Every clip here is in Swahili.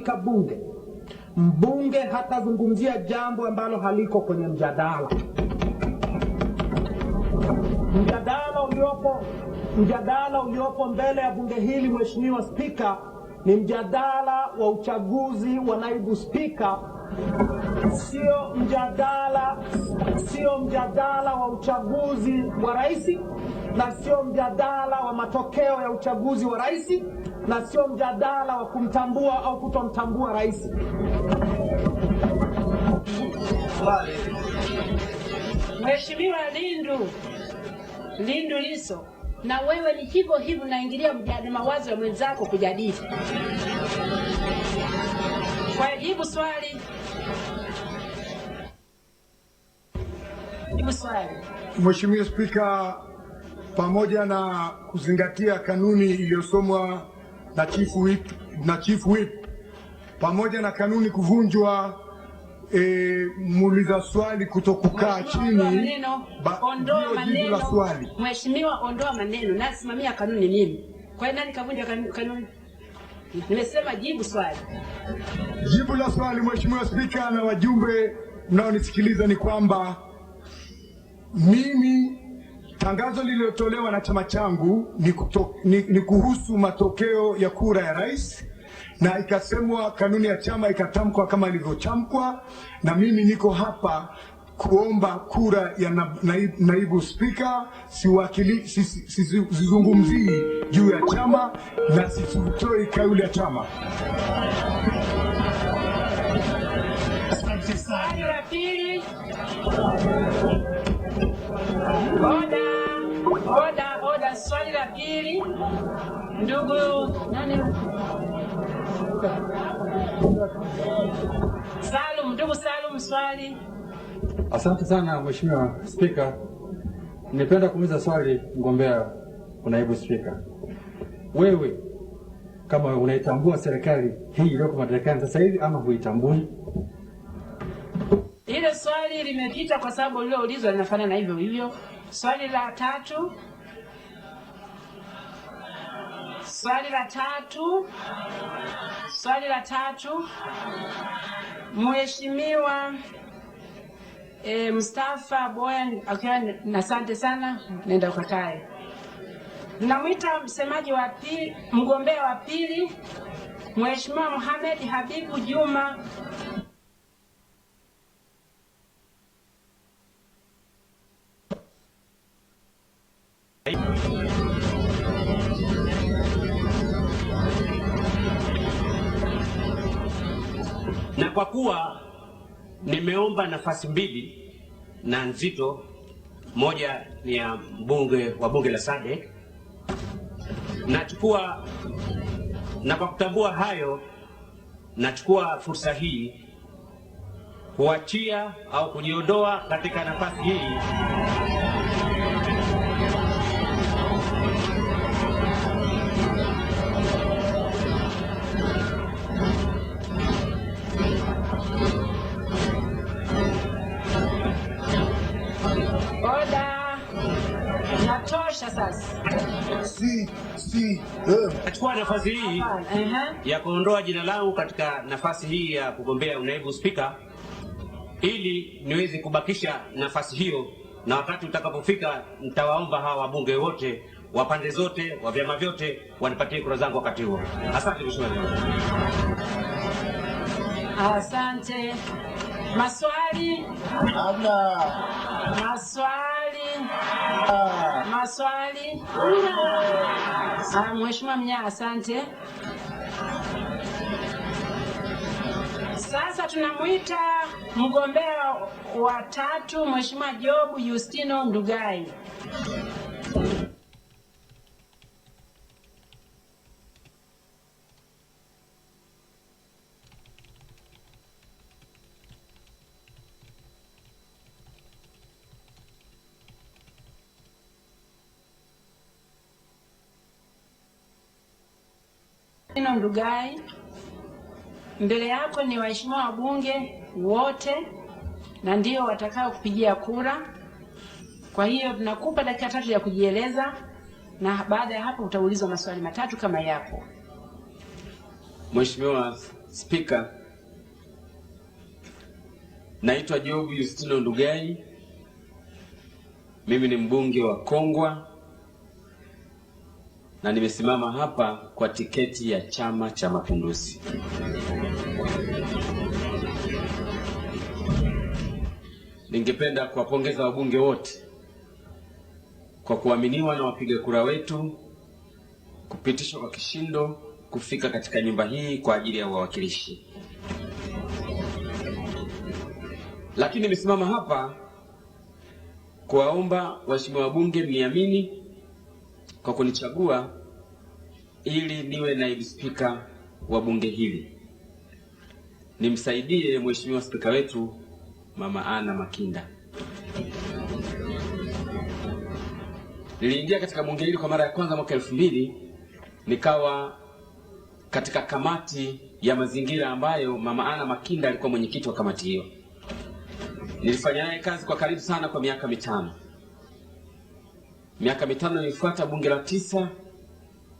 katika bunge, mbunge hatazungumzia jambo ambalo haliko kwenye mjadala. Mjadala uliopo, mjadala uliopo mbele ya bunge hili, Mheshimiwa Spika, ni mjadala wa uchaguzi wa naibu spika, sio mjadala sio mjadala wa uchaguzi wa rais na sio mjadala wa matokeo ya uchaguzi wa rais na sio mjadala wa kumtambua au kutomtambua rais. Mheshimiwa Lindu Lindu Liso, na wewe ni hivyo hivyo, naingilia mawazo ya mwenzako kujadili. Kwa hivyo swali. swali. Mheshimiwa Spika, pamoja na kuzingatia kanuni iliyosomwa na chief whip, na chief whip pamoja na kanuni kuvunjwa E, muuliza swali kutokukaa chini Ondoa maneno. Ondoa maneno. Mheshimiwa, ondoa maneno, nasimamia kanuni mimi. Kwa hiyo nani kavunja kanuni? Nimesema jibu swali, jibu la swali. Mheshimiwa Spika na wajumbe mnaonisikiliza, ni kwamba mimi tangazo lililotolewa na chama changu ni, kuto, ni, ni kuhusu matokeo ya kura ya rais na ikasemwa kanuni ya chama ikatamkwa kama ilivyochamkwa na mimi niko hapa kuomba kura ya na, na, naibu spika. Siwakili sizungumzii si, si, juu ya chama na sitoi kauli ya chama. Asante sana. Swali la pili, ndugu nani? Salum, ndugu Salum, swali. Asante sana Mheshimiwa Spika, nipenda kuuliza swali mgombea unaibu spika, wewe kama unaitambua serikali hii iliyoko madarakani sasa hivi ama huitambui? Hilo swali limepita kwa sababu lililoulizwa linafanana hivyo hivyo. Swali la tatu. Swali la tatu, swali la tatu, Mheshimiwa e, Mustafa Boya okay, na asante sana, nenda ukakae. Namwita msemaji wa pili, mgombea wa pili Mheshimiwa Mohamed Habibu Juma Yaani, kwa kuwa nimeomba nafasi mbili na nzito, moja ni ya mbunge wa bunge la Sade, nachukua na kwa kutambua hayo, nachukua fursa hii kuachia au kujiondoa katika nafasi hii. Oda. Natosha sasa. Si, si, eh. Nachukua nafasi hii ya kuondoa jina langu katika nafasi hii ya kugombea unaibu spika ili niweze kubakisha nafasi hiyo, na wakati utakapofika nitawaomba hawa wabunge wote wa pande zote wa vyama vyote wanipatie kura zangu wakati huo. Asante mheshimiwa. Asante. Maswali? Hamna. Maswali, maswali. Mheshimiwa Mnyaa, asante. Sasa tunamwita mgombea wa tatu Mheshimiwa Job Yustino Ndugai. Faustino Ndugai, mbele yako ni waheshimiwa wabunge wote na ndio watakao kupigia kura. Kwa hiyo tunakupa dakika tatu ya kujieleza na baada ya hapo utaulizwa maswali matatu kama yapo. Mheshimiwa Spika, naitwa Job Justino Ndugai, mimi ni mbunge wa Kongwa na nimesimama hapa kwa tiketi ya Chama cha Mapinduzi. Ningependa kuwapongeza wabunge wote kwa kuaminiwa na wapiga kura wetu kupitishwa kwa kishindo kufika katika nyumba hii kwa ajili ya wawakilishi. Lakini nimesimama hapa kuwaomba waheshimiwa wabunge mniamini kwa kunichagua ili niwe naibu spika wa bunge hili, nimsaidie mheshimiwa spika wetu Mama Ana Makinda. Niliingia katika bunge hili kwa mara ya kwanza mwaka elfu mbili nikawa katika kamati ya mazingira ambayo Mama Ana Makinda alikuwa mwenyekiti wa kamati hiyo. Nilifanya naye kazi kwa karibu sana kwa miaka mitano. Miaka mitano ilifuata bunge la tisa,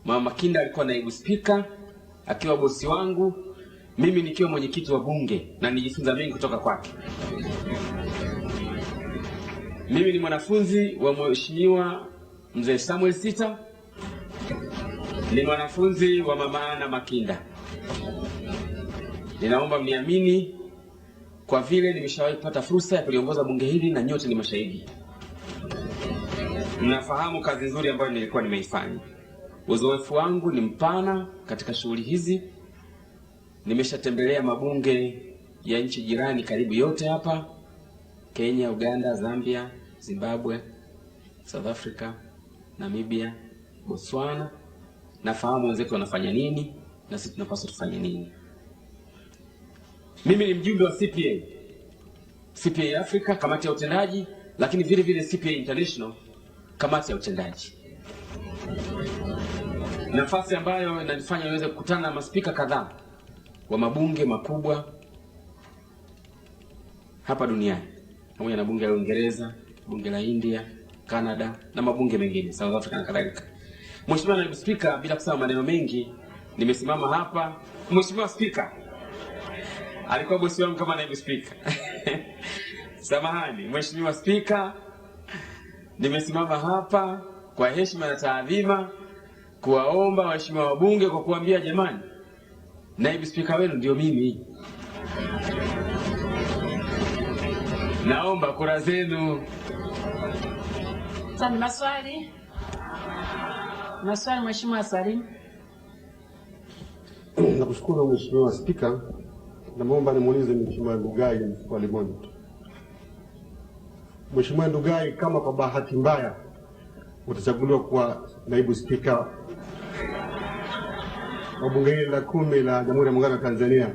Mama Makinda alikuwa naibu spika akiwa bosi wangu, mimi nikiwa mwenyekiti wa bunge, na nijifunza mengi kutoka kwake. Mimi ni mwanafunzi wa mheshimiwa mzee Samuel Sita, ni mwanafunzi wa mama Ana Makinda. Ninaomba mniamini kwa vile nimeshawahi kupata fursa ya kuliongoza bunge hili na nyote ni mashahidi. Mnafahamu kazi nzuri ambayo nilikuwa nimeifanya. Uzoefu wangu ni mpana katika shughuli hizi. Nimeshatembelea mabunge ya nchi jirani karibu yote hapa Kenya, Uganda, Zambia, Zimbabwe, South Africa, Namibia, Botswana. Nafahamu wenzetu wanafanya nini na sisi tunapaswa tufanye nini. Mimi ni mjumbe wa CPA CPA Africa, kamati ya utendaji, lakini vile vile CPA International kamati ya utendaji, nafasi ambayo inanifanya niweze kukutana na maspika kadhaa wa mabunge makubwa hapa duniani pamoja na bunge la Uingereza, bunge la India, Canada na mabunge mengine South Africa na kadhalika. Mheshimiwa Naibu Spika, bila kusema maneno mengi, nimesimama hapa. Mheshimiwa Spika alikuwa bosi wangu kama Naibu Spika. Samahani Mheshimiwa Spika. Nimesimama hapa kwa heshima na taadhima kuwaomba waheshimiwa wabunge kwa kuambia, jamani, naibu spika wenu ndio mimi, naomba kura zenu. Maswali, maswali. Mheshimiwa Salim. Nakushukuru Mheshimiwa Spika, namwomba nimuulize Mheshimiwa Ndugai kwa Limondo. Mheshimiwa Ndugai, kama kwa bahati mbaya utachaguliwa kuwa naibu spika wa bunge hili la kumi la Jamhuri ya Muungano wa Tanzania,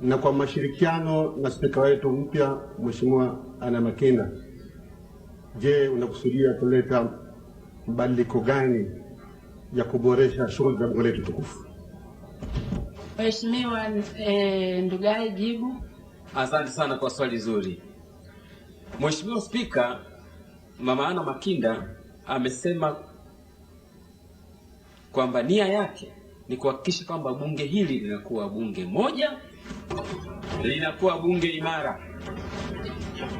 na kwa mashirikiano na spika wetu mpya Mheshimiwa Anna Makinda, je, unakusudia kuleta mabadiliko gani ya kuboresha shughuli za bunge letu tukufu? Mheshimiwa eh, Ndugai, jibu. Asante sana kwa swali zuri. Mheshimiwa Spika, Mama Anna Makinda amesema kwamba nia yake ni kuhakikisha kwamba bunge hili linakuwa bunge moja, linakuwa bunge imara.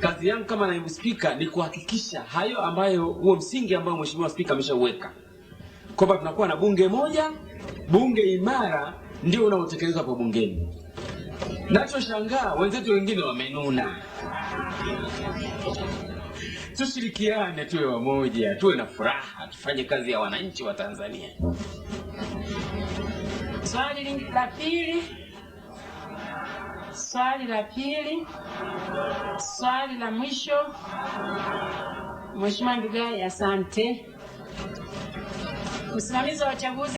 Kazi yangu kama naibu spika ni kuhakikisha hayo ambayo, huo msingi ambao Mheshimiwa Spika ameshauweka kwamba tunakuwa na bunge moja, bunge imara ndio unaotekelezwa kwa bungeni. Nachoshangaa wenzetu wengine wamenuna. Tushirikiane, tuwe wamoja, tuwe na furaha, tufanye kazi ya wananchi wa Tanzania. Swali la pili, swali la pili, swali la mwisho. Mheshimiwa Ndugai, asante. Msimamizi wa uchaguzi